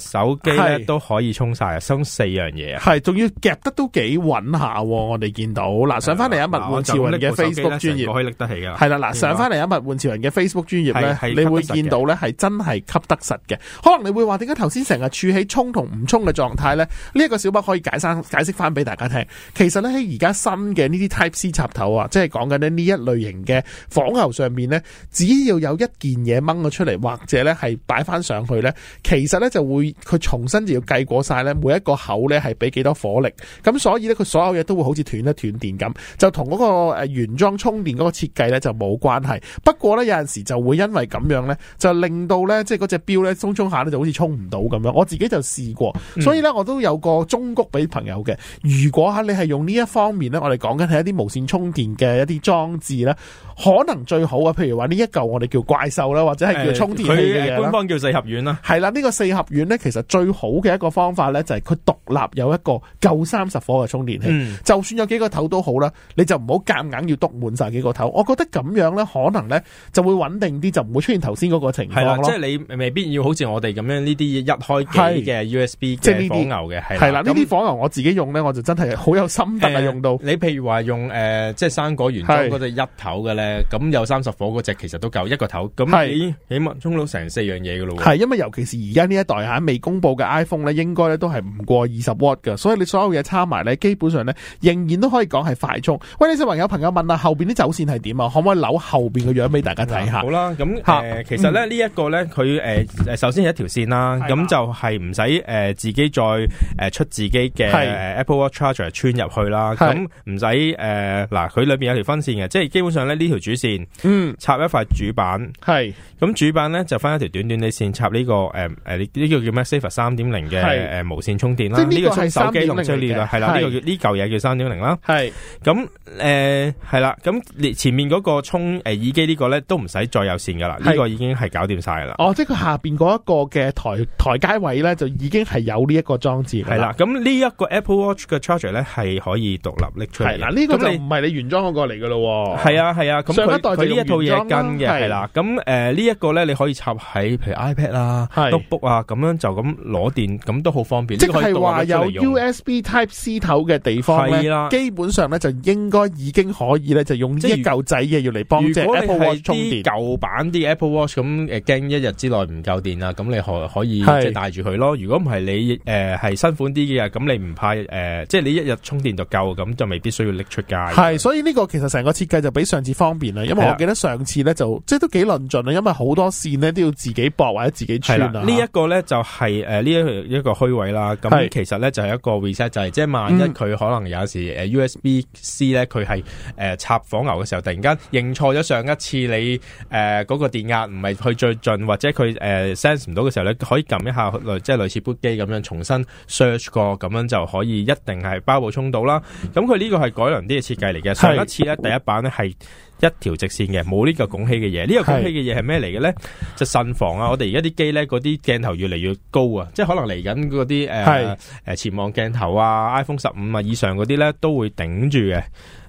S1: 誒
S2: 手機咧是都可以充晒啊，充四樣嘢啊，係仲要夾得都幾穩下，我哋見到嗱的上翻嚟物玩潮人嘅 Facebook 專頁，可以
S1: 拎得起嘅，係啦嗱上翻
S2: 嚟物玩潮人嘅 Facebook 專頁咧，你會見到咧係真係吸得實嘅。可能你會話，點解頭先成日處喺充同唔充嘅狀態咧？呢一個小北可以解生解釋翻俾大家聽。其實咧喺而家新嘅呢啲 Type C 插頭啊，即係講緊咧呢一類型嘅仿牛上面。只要有一件嘢掹咗出嚟，或者咧係擺翻上去呢，其實呢就會佢重新就要計過晒呢。每一個口呢係俾幾多火力，咁所以呢，佢所有嘢都會好似斷一斷電咁，就同嗰個誒原裝充電嗰個設計呢就冇關係。不過呢，有陣時就會因為咁樣呢，就令到呢即係嗰隻表呢鬆鬆下呢就好似充唔到咁樣。我自己就試過，所以呢，我都有個忠告俾朋友嘅。如果吓你係用呢一方面呢，我哋講緊係一啲無線充電嘅一啲裝置呢，可能最好啊。譬如話呢一嚿我哋叫怪獸啦，或者係叫充電器。佢官
S1: 方叫四合院啦。
S2: 係啦，呢個四合院咧，其實最好嘅一個方法咧，就係佢獨立有一個夠三十火嘅充電器。嗯、就算有幾個頭都好啦，你就唔好夾硬要篤滿晒幾個頭。我覺得咁樣咧，可能咧就會穩定啲，就唔會出現頭先嗰個情況，即係
S1: 你未必要好似我哋咁樣呢啲一開機嘅 USB 即係呢啲火牛嘅。係、就是、啦，呢啲
S2: 那火牛我自己用咧，我就真係好有心得啊！用
S1: 到、呃、你譬如話用誒、呃，即係生果原裝嗰隻一頭嘅咧，咁對有三十火。我嗰隻其實都夠一個頭，咁起起碼充到成四樣嘢嘅咯。係
S2: 因為尤其是而家呢一代嚇未公布嘅 iPhone 咧，應該咧都係唔過二十 W 嘅，所以你所有嘢插埋咧，基本上咧仍然都可以講係快充。喂，你小朋友朋友問下，後面啲走線係點啊？可唔可以扭後面個樣俾大家睇下？好、啊、
S1: 啦，咁、呃啊、其實咧呢一、嗯、個咧，佢首先係一條線啦，咁的就係唔使自己再出自己嘅 Apple Watch Charger 穿入去啦，咁唔使嗱，佢裏、呃、面有條分線嘅，即係基本上咧呢條主線，嗯。插一塊主板，係咁是主板咧就翻一條短短嘅線插呢個誒誒呢呢個叫咩 MagSafer 三點零嘅誒無線充電啦，呢個充手機同出呢個係啦，呢個呢舊嘢叫三點零啦，係咁誒係啦，咁前面嗰個充誒耳機呢個咧都唔使再有線噶啦，呢是個已經係搞掂晒啦。
S2: 哦，即係佢下邊嗰一個嘅台台階位咧就已經係有呢一個裝置係啦。
S1: 咁呢一個 Apple Watch 嘅 charger 咧係可以獨立拎出嚟。係嗱，呢個就
S2: 唔係你原裝嗰個嚟噶咯。係啊
S1: 係啊，咁上一代就呢一套。嘅係啦，咁誒是、呃這個、呢一個咧，你可以插喺譬如 iPad 啦、notebook 啊，咁是、啊、樣就咁攞
S2: 電，咁都好方便。即係話有 USB Type C 頭嘅地方啦的基本上咧就應該已經可以咧，就用呢一嚿仔嘢要嚟幫即 Apple Watch 充電係。如
S1: 果係舊版啲 Apple Watch 咁，誒驚一日之內唔夠電啊，咁你可可以即係帶住佢咯。如果唔係你誒係新款啲嘅，咁你唔怕誒，即係你一日充電就夠，咁就未必需要拎出街。
S2: 係，所以呢個其實成個設計就比上次方便啦，因為我記得上。兩次咧就即係都幾論盡啦，因為好多線咧都要自己駁或者自己串的、啊、呢一、就是呃
S1: 這個咧就係誒呢一一個虛位啦。咁的其實咧就係、是、一個 reset，就係、是、即係萬一佢可能有時誒、嗯呃、USB C 咧佢係誒插火牛嘅時候，突然間認錯咗上一次你誒嗰、呃那個電壓唔係去最盡，或者佢誒、呃呃、sense 唔到嘅時候咧，你可以撳一下即係類似 boot 機咁樣重新 search 過，咁樣就可以一定係包補充到啦。咁佢呢個係改良啲嘅設計嚟嘅。的上一次咧第一版咧係。一條直線嘅，冇呢個拱起嘅嘢。呢、這個拱起嘅嘢係咩嚟嘅咧？是就慎防啊！我哋而家啲機咧，嗰啲鏡頭越嚟越高啊，即係可能嚟緊嗰啲誒誒潛望鏡頭啊，iPhone 十五啊以上嗰啲咧都會頂住嘅。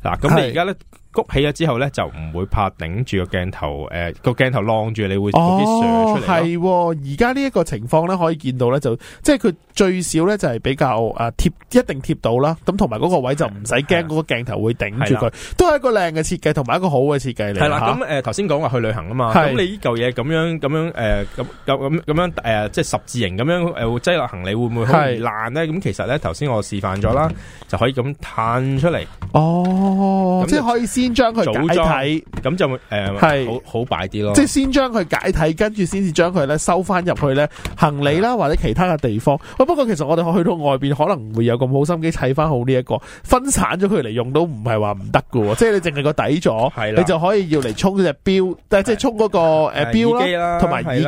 S1: 嗱、啊，咁你而家咧？拱起咗之後咧，就唔會拍頂住個鏡頭，誒
S2: 個鏡頭晾住，你會有啲射出嚟咯。係，而家呢一個情況咧，可以見到咧，就即係佢最少咧就係比較誒貼，一定貼到啦。咁同埋嗰個位就唔使驚，嗰個鏡頭會頂住佢，都係一個靚嘅設計，同埋一個好嘅設計嚟。係啦，咁
S1: 誒頭先講話去旅行啊嘛，咁你依嚿嘢咁樣咁樣誒咁咁咁樣誒，即係十字形咁樣誒擠落行李會唔會爛咧？咁其實咧頭先我示範咗啦，就可以咁嘆出嚟。
S2: 哦，即係可以先將佢解體，
S1: 咁就誒係好好擺啲咯。即係
S2: 先將佢解體，跟住先至將佢咧收翻入去咧行李啦，或者其他嘅地方。不過其實我哋去到外邊，可能唔會有咁好心機砌翻好呢一個，分散咗佢嚟用都唔係話唔得喎，即係你淨係個底座，係啦，你就可以要嚟充隻錶，但即係充嗰個誒錶啦，同埋耳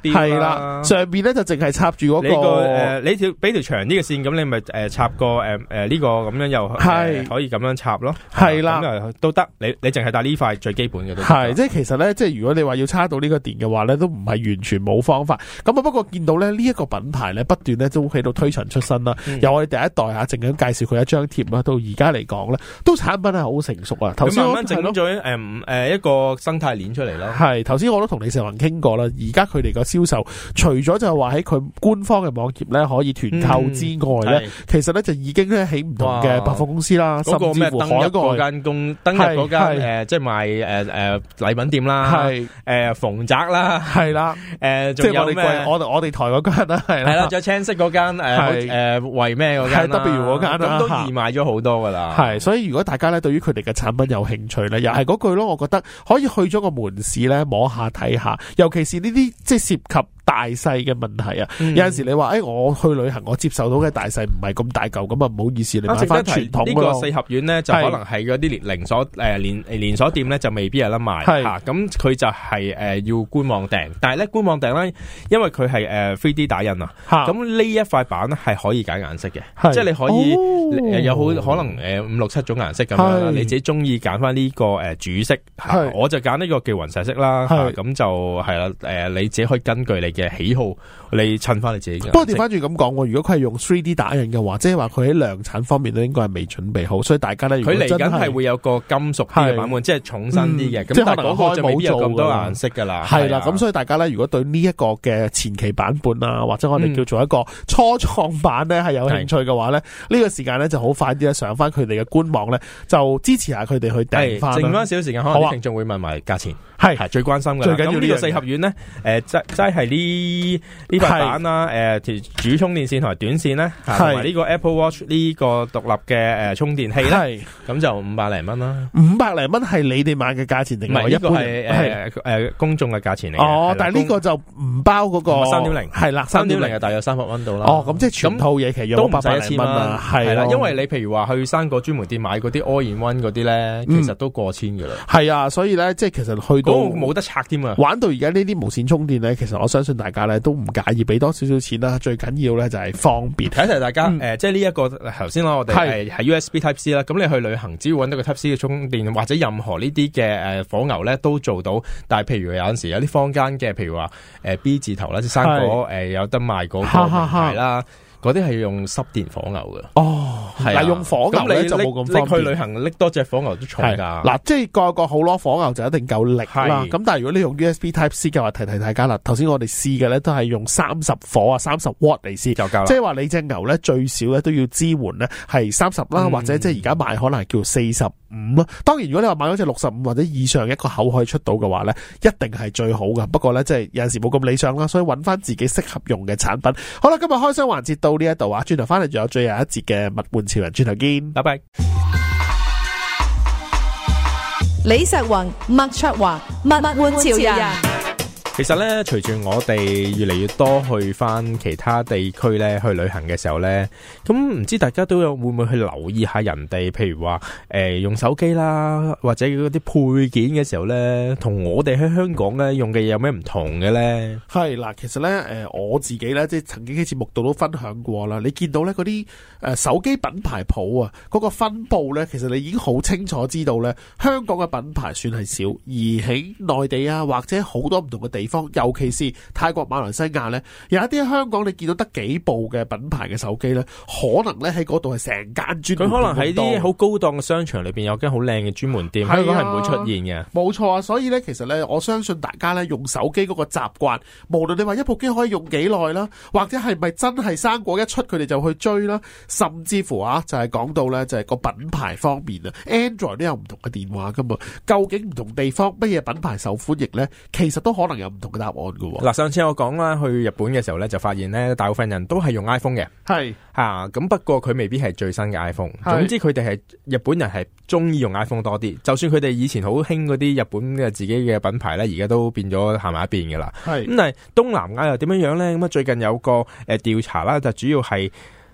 S2: 機，係啦，上邊咧就淨係插住嗰個誒，
S1: 你條俾條長啲嘅線，咁你咪誒插個誒誒呢個咁樣又係可以咁樣插咯，係啦，得你，你淨係帶呢塊最基本嘅都係
S2: 即係其實咧，即係如果你要話要差到呢個電嘅話咧，都唔係完全冇方法。咁啊，不過見到咧呢一、個品牌咧不斷咧都喺度推陳出新啦。嗯、由我哋第一代嚇，淨係介紹佢一張貼啦，到而家嚟講咧，都產品係好成熟啊。頭先我整
S1: 咗誒誒一個生態鏈出嚟咯。
S2: 係，頭先我都同李成文傾過啦。而家佢哋個銷售，除咗就係話喺佢官方嘅網頁咧可以團購之外咧，嗯、其實咧就已經喺唔同嘅百貨公司啦，哇甚至乎個一個間
S1: 公。間誒、呃，即係賣誒誒禮品店啦，係誒是、呃、逢宅啦，係啦，誒、呃，即係我哋我我哋台嗰間啦，係，係啦，仲青色嗰間誒誒為咩嗰間？W 嗰間，都易賣咗好多噶啦。
S2: 係，所以如果大家咧對於佢哋嘅產品有興趣咧，又係嗰句咯，我覺得可以去咗個門市咧摸下睇下，尤其是呢啲即係涉及。大細嘅問題啊，有陣時你話誒，我去旅行，我接受到嘅大細唔係咁大嚿，咁啊唔好意思，你買翻傳統咯。呢個四合
S1: 院咧就可能係嗰啲連連鎖誒連連鎖店咧就未必有得賣吓，咁佢就係誒要官網訂，但係咧官網訂咧，因為佢係誒 3D 打印啊，咁呢一塊板咧係可以揀顏色嘅，即係你可以有好可能誒五六七種顏色咁樣啦，你自己中意揀翻呢個誒主色，係我就揀呢個叫雲石色啦，咁就係啦，誒你自己可以根據你。嘅喜好你襯翻你自己嘅。不過調翻
S2: 轉咁講喎，如果佢係用 3D 打印嘅話，即係話佢喺量產方面都應該係未準備好，所以大家咧，佢嚟緊係會
S1: 有個金屬嘅版本，即係重身啲嘅。即係嗰個就冇咁多顏色噶啦。係啦，
S2: 咁所以大家咧，如果對呢一個嘅前期版本啊，或者我哋叫做一個初創版咧，係有興趣嘅話咧，呢個時間咧就好快啲上翻佢哋嘅官網咧，就支持下佢哋去訂翻。剩返少少時間，可能聽眾會問埋價錢，係最關心嘅，最緊要呢個四合
S1: 院咧。即即係呢。呢塊板啦，誒，主充電線同埋短線咧，同埋呢個 Apple Watch 呢個獨立嘅誒充電器咧，咁就五百零蚊啦。
S2: 五百零蚊係你
S1: 哋買嘅價錢定唔係？呢個係誒誒公眾嘅價錢嚟。哦，但係呢個
S2: 就唔包嗰個三點零，係啦，三點零係大約三百蚊到啦。哦，咁即係全套
S1: 嘢其實都百一千蚊啦，係啦。因為你譬如話去生果專門店買嗰啲 All in One 嗰啲咧，其實都過千㗎啦。
S2: 係啊，所以咧即係其實去到冇得拆添啊。玩到而家呢啲無線充電咧，其實我相信。大家咧都唔介意俾多少少錢啦，最緊要咧就係方便。睇一睇
S1: 大家，誒、嗯呃，即係呢一個頭先啦，我哋係係 USB Type C 啦是。咁你去旅行只要揾到個 Type C 嘅充電或者任何呢啲嘅誒火牛咧都做到。但係譬如有陣時有啲坊間嘅，譬如話誒、呃、B 字頭啦，即生果誒是、呃、有得賣嗰個品牌啦。嗰啲係用濕電火牛嘅哦，係嗱、啊、用火牛呢，你就冇咁方便去旅行拎多隻火牛都重噶，嗱，即
S2: 係個個好攞火牛就一定夠力啦。咁是但係如果你用 USB Type C 嘅話，提提大家啦。頭先我哋試嘅咧都係用三十火啊，三十瓦嚟試就夠啦。即係話你隻牛咧最少咧都要支援呢、嗯，係三十啦，或者即係而家賣可能係叫四十五啦。當然如果你話買咗隻六十五或者以上一個口可以出到嘅話咧，一定係最好噶。不過咧即係有陣時冇咁理想啦，所以搵翻自己適合用嘅產品。好啦，今日開箱環節。到呢一度啊！轉頭翻嚟，仲有最後一節嘅《物玩潮人》，轉頭見，拜拜。李石云、麥卓華，《物玩潮人》。
S1: 其實咧，隨住我哋越嚟越多去翻其他地區咧，去旅行嘅時候咧，咁唔知大家都有會唔會去留意下人哋，譬如話誒用手機啦，或者嗰啲配件嘅時候咧，同我哋喺香港咧
S2: 用嘅嘢有咩唔同嘅咧？係嗱，其實咧，誒我自己咧，即係曾經喺節目度都分享過啦。你見到咧嗰啲誒手機品牌鋪啊，嗰個分布咧，其實你已經好清楚知道咧，香港嘅品牌算係少，而喺內地啊，或者好多唔同嘅地。方，尤其是泰國、馬來西亞呢，有一啲香港你見到得幾部嘅品牌嘅手機呢，可能呢喺嗰度係成間專，佢可能喺啲好高檔嘅商
S1: 場裏邊有間好靚嘅專門店，香港係唔會出現嘅。
S2: 冇錯啊，所以呢，其實呢，我相信大家呢，用手機嗰個習慣，無論你話一部機可以用幾耐啦，或者係咪真係生果一出，佢哋就去追啦，甚至乎啊，就係講到呢，就係個品牌方面啊，Android 都有唔同嘅電話噶嘛，究竟唔同地方乜嘢品牌受歡迎呢，其實都可能有。同答案嘅嗱，
S1: 上次我講啦，去日本嘅時候咧，就發現咧，大部分人都係用 iPhone 嘅，係吓咁。不過佢未必係最新嘅 iPhone，係，總之佢哋係日本人係中意用 iPhone 多啲。就算佢哋以前好興嗰啲日本嘅自己嘅品牌咧，而家都變咗行埋一邊噶啦。係咁，但係東南亞又點樣樣咧？咁啊，最近有個誒調查啦，就主要係。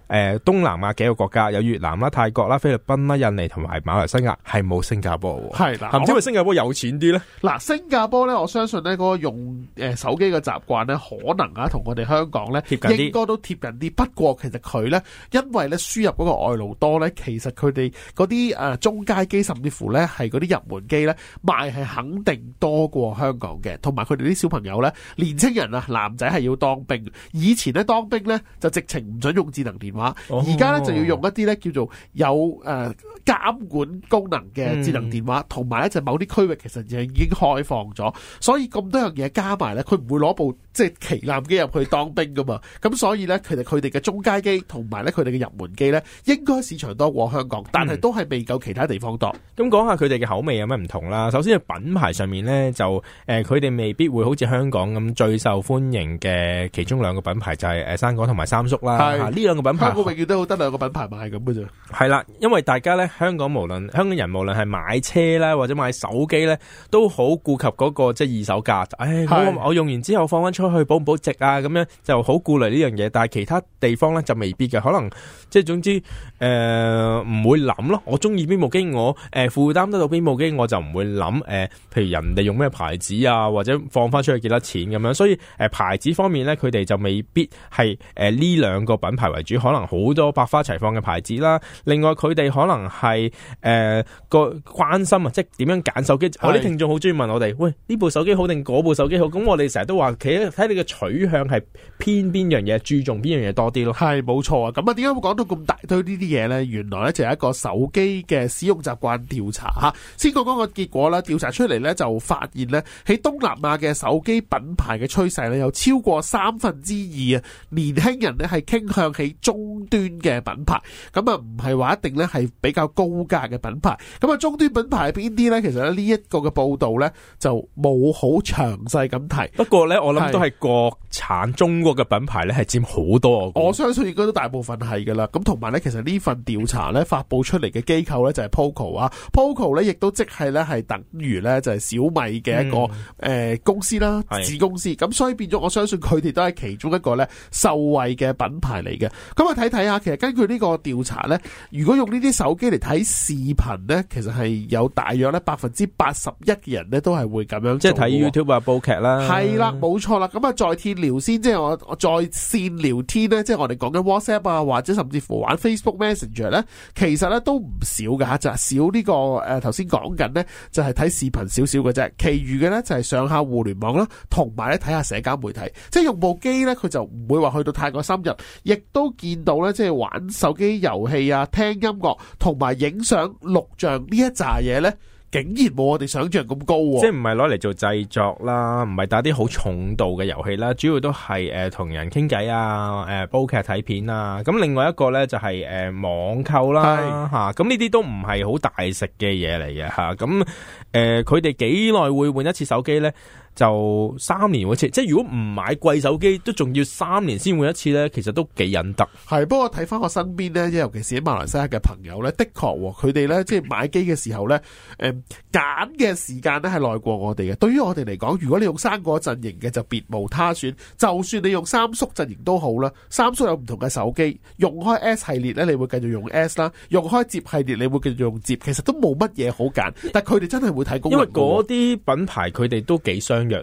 S1: 誒，東南亞幾個國家有越南啦、泰國啦、菲律賓啦、印尼同埋馬來西亞，係冇新加坡喎。係啦的，唔知係咪新
S2: 加坡有錢啲咧？嗱、啊，新加坡咧，我相信呢、嗰個用誒手機嘅習慣咧，可能啊同我哋香港咧，貼近應該都貼近啲。不過其實佢咧，因為咧輸入嗰個外勞多咧，其實佢哋嗰啲誒中階機甚至乎咧，係嗰啲入門機咧，賣係肯定多過香港嘅，同埋佢哋啲小朋友咧、年青人啊、男仔係要當兵，以前咧當兵咧就直情唔准用智能電。話而家咧就要用一啲咧叫做有誒監管功能嘅智能電話，同埋咧就某啲區域其實亦已經開放咗，所以咁多樣嘢加埋咧，佢唔會攞部即係旗艦機入去當兵噶嘛，咁所以咧，其實佢哋嘅中階機同埋咧佢哋嘅入門機咧，應該市場多過香港，但係都係未夠其他
S1: 地方多。咁講、嗯、下佢哋嘅口味有咩唔同啦。首先係品牌上面咧，就誒佢哋未必會好似香港咁最受歡迎嘅其中兩個品牌就係誒生果同埋三叔啦。呢兩個品牌。就是呃是香港
S2: 永遠都好得兩個品牌賣咁嘅啫。
S1: 係啦，因為大家咧，香港無論香港人無論係買車啦，或者買手機咧，都好顧及嗰、那個即係、就是、二手價。唉是的、哎，我用完之後放翻出去保唔保值啊？咁樣就好顧慮呢樣嘢。但係其他地方咧就未必嘅，可能即係總之誒唔、呃、會諗咯。我中意邊部機，我誒負擔得到邊部機，我就唔會諗誒、呃。譬如人哋用咩牌子啊，或者放翻出去幾多錢咁樣。所以、呃、牌子方面咧，佢哋就未必係呢兩個品牌為主。可能好多百花齊放嘅牌子啦。另外佢哋可能係誒、呃、個關心啊，即係點樣揀手機。是我啲聽眾好中意問我哋，喂，呢部手機好定嗰部手機好？咁我哋成日都話，其實睇你嘅取向係偏邊樣嘢，注重邊樣嘢多啲咯。
S2: 係，冇錯啊。咁啊，點解會講到咁大堆呢啲嘢呢？原來呢就係一個手機嘅使用習慣調查吓。先講嗰個結果啦，調查出嚟呢就發現呢，喺東南亞嘅手機品牌嘅趨勢呢，有超過三分之二啊年輕人呢係傾向起中中端嘅品牌，咁啊唔係話一定咧係比較高價嘅品牌，咁啊中端品牌係邊啲呢？其實呢一個嘅報道呢，就冇好詳細咁提，
S1: 不過呢，我諗都係國產是中國嘅品牌呢，係佔好多，
S2: 我，我相信應該都大部分係噶啦。咁同埋呢，其實呢份調查呢，發佈出嚟，嘅機構呢，就係 Poco 啊，Poco 呢，亦都即係呢，係等於呢，就係小米嘅一個誒公司啦，子公司。咁所以變咗，我相信佢哋都係其中一個呢，受惠嘅品牌嚟嘅。咁睇睇下，其實根據呢個調查呢，如果用呢啲手機嚟睇視頻呢，其實係有大約呢百分之八十一嘅人呢都係會咁樣即，即係睇 YouTube 啊、煲劇啦，係啦，冇錯啦。咁啊，在線聊先，即係我在線聊天呢，即係我哋講緊 WhatsApp 啊，或者甚至乎玩 Facebook Messenger 呢、就是這個呃，其實呢都唔少噶吓，就係少呢個誒，頭先講緊呢，就係睇視頻少少嘅啫，其餘嘅呢，就係上下互聯網啦，同埋咧睇下社交媒體，即係用部機呢，佢就唔會話去到太過深入，亦都見。咧，即係玩手機遊戲啊，聽音樂同埋影相錄像呢一紮嘢呢，竟然冇我哋想象咁高啊。即係唔係攞嚟做製作啦，
S1: 唔係打啲好重度嘅遊戲啦，主要都係誒同人傾偈啊，誒煲劇睇片啊，咁另外一個呢，就係、是、誒、呃、網購啦吓，咁呢啲都唔係好大食嘅嘢嚟嘅吓，咁誒佢哋幾耐會換一次手機呢？就三年好一次，即係如果唔買貴手機，都仲要三年先換一次咧，其實都幾忍
S2: 得。係，不過睇翻我身邊咧，即尤其是喺馬來西亞嘅朋友咧，的確佢哋咧，即係買機嘅時候咧，誒揀嘅時間咧係耐過我哋嘅。對於我哋嚟講，如果你用生果陣營嘅就別無他選，就算你用三叔陣營都好啦。三叔有唔同嘅手機，用開 S 系列咧，你會繼續用 S 啦，用開折系列，你會繼續用折，其實都冇乜嘢好揀。但佢哋真係會睇高，因為嗰啲品牌佢哋都幾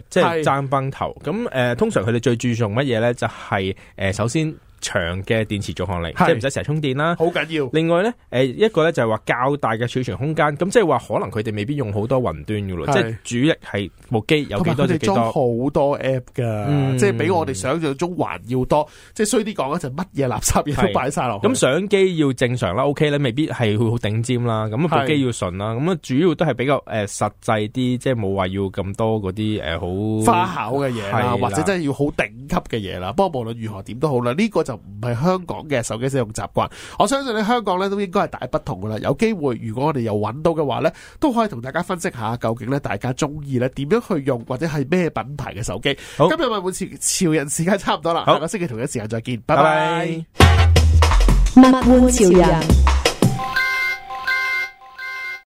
S2: 即係爭
S1: 崩頭，咁誒是、呃，通常佢哋最注重乜嘢咧？就係、是、誒、呃，首先，長嘅電池續航力，即係唔使成日充電啦。好緊要。另外咧，誒一個咧就係話較大嘅儲存空間，咁即係話可能佢哋未必用好多雲端噶咯，即係
S2: 主力係部機有幾多就幾多。同埋裝好多 app 噶，即係比我哋想象中還要多。即係衰啲講咧就乜嘢垃圾嘢都擺晒落。咁
S1: 相機要正常啦，OK 你未必係會好頂尖啦。咁部機要順啦，咁啊主要都係比較誒實際啲，即係冇話要咁多嗰啲誒好花巧嘅嘢啦，或者真
S2: 係要好頂級嘅嘢啦。不過無論如何點都好啦，呢個。就唔係香港嘅手機使用習慣，我相信咧香港咧都應該係大不同噶啦。有機會，如果我哋有揾到嘅話呢，都可以同大家分析下究竟呢大家中意咧點樣去用，或者係咩品牌嘅手機。好今日物玩潮潮人時間差，差唔多啦。好，下個星期同一時間再見，拜拜。好。物玩 bye 潮人。